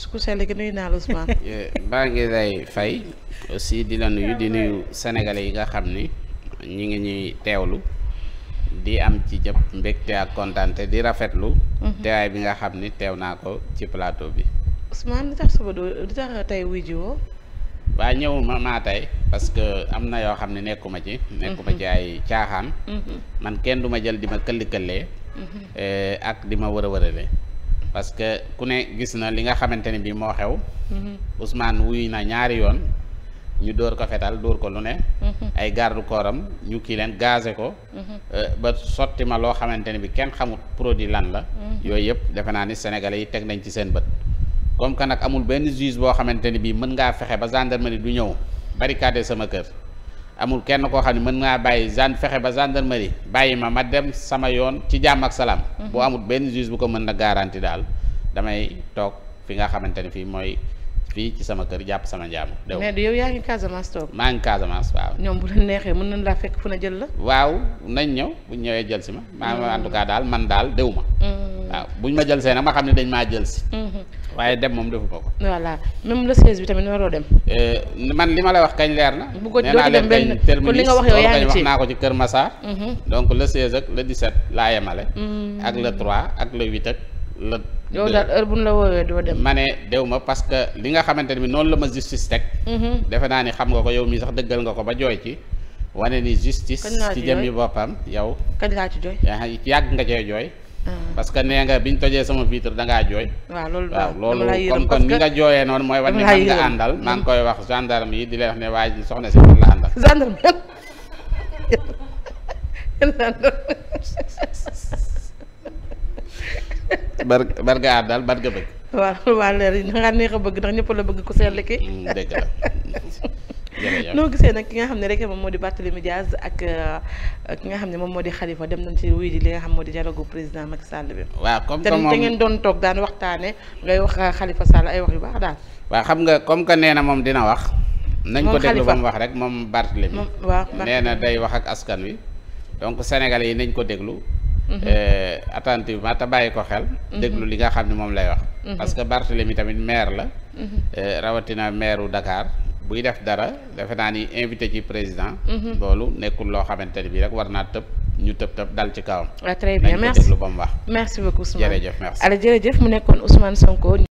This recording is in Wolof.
su ko seetlee nuyu naa la Ousmane. baa ngi lay fay aussi di nuyu di nuyu sénégalais yi nga xam ni ñi ngi ñuy teewlu di am ci jëpp mbégte ak kontaante di rafetlu. Mhm. teewaay bi nga xam ni teew naa ko ci plateau bi. Ousmane li tax suba doo li tax tey wuy jiwoo. waa ñëwuma maa tey parce que am na yoo xam ne nekkuma ci mhm. nekkuma ci ay caaxaan mhm. man kenn duma jël di ma këlli-këllee eh, ak di ma wër a wërëwërale parce que ku ne gis na li nga xamante ne bii moo xew. Mm-hmm. Ousmane wuy na ñaari yoon ñu dóor ko fetal dóor ko lu ne. Mm-hmm. ay garde am ñu kii leen gazé ko. Mm-hmm. Euh, ba sotti ma loo xamante ne bii kenn xamut produit lan la. yooyu yëpp defe naa ni sénégalais yi teg nañ ci seen bët. comme que nag amul benn juge boo xamante ne bii mën ngaa fexe ba gendarmerie du ñëw barricade sama kër. amul kenn koo xam ne mën naa bàyyi gen fexe ba gendarmerie bàyyi ma ma dem sama yoon ci jàmm ak salaam. Mhm. boo amul benn juge bu ko mën na garanti daal damay toog fi nga xamante ne fii mooy fii ci sama kër jàpp sama njàmm. déw mais yow yaa ngi Casamance toog. maa ngi Casamance waaw. ñoom bu leen neexee mën nañ laa fekk fu na jël la. waaw nañ ñëw bu ñëwee jël si ma. maa mhm. en tout cas daal man daal déw ma. Mhm. waaw buñ ma jël see nag ma xam ne dañ maa jël si. waaye dem moom defuma ko. voilà bi tamit waroo dem. Euh, man li la wax kañ leer na. bu ko doon dem benn li nga wax yow ko ci Kër Massar. Mhm. donc le 16 ak le 17 laa yemale. Mhm. ak le 3 ak le bu la woowee doo ma ne dew ma parce que li nga xamante ne bi noonu la ma justice teg. Mhm. defe naa ni xam nga ko yow mii sax dëggal nga ko ba jooy ci. wane ni justice. ci jëmmi boppam yow. kañ laa ci jooy. yàgg nga cee jooy. Ah. parce que nee nga bi ñu tojee sama vitre dangaa ngaa jooy. waaw loolu waaw loolu comme kon ni nga jooyee noonu mooy wane ni nga àndal maa koy wax gendarme yi di leen wax ne waaye soxna si man àndal. gendarme bar bar nga àndal bëgg. waaw waaw leer yi nga neex a bëgg ndax ñëpp bëgg ku seetlu kii. Mm, noo gisee nag ki nga xam ne rek moom moo di Barthélémy Dias ak euh, ki nga xam ne moom moo di xalifa dem nañ ci wuy ji li nga xam moo di dialogue président Macky Sall bi. waaw comme que moom doon toog daan waxtaane ngay wax euh, Khalifa Sall ay wax yu baax daal. waaw xam nga comme que nee na moom dina wax. nañ ko déglu ba mu wax rek moom Barthélémy. waaw nee na day wax ak askan wi. donc sénégal yi nañ ko déglu. Mhm. Euh, attentivement te bàyyi ko xel. Mhm. déglu li nga xam ne moom lay wax. Mhm. parce que Barthélémy tamit maire la. rawatina maire u Dakar. buy def dara defe naa ni invité ci président. Mhm. loolu nekkul loo xamante ne bii rek war naa tëb ñu tëb tëb dal ci kawam. waaw ah, très bien merci nañ ko déglu ba mu wax. merci beaucoup Ousmane mu nekkoon Ousmane Sonko.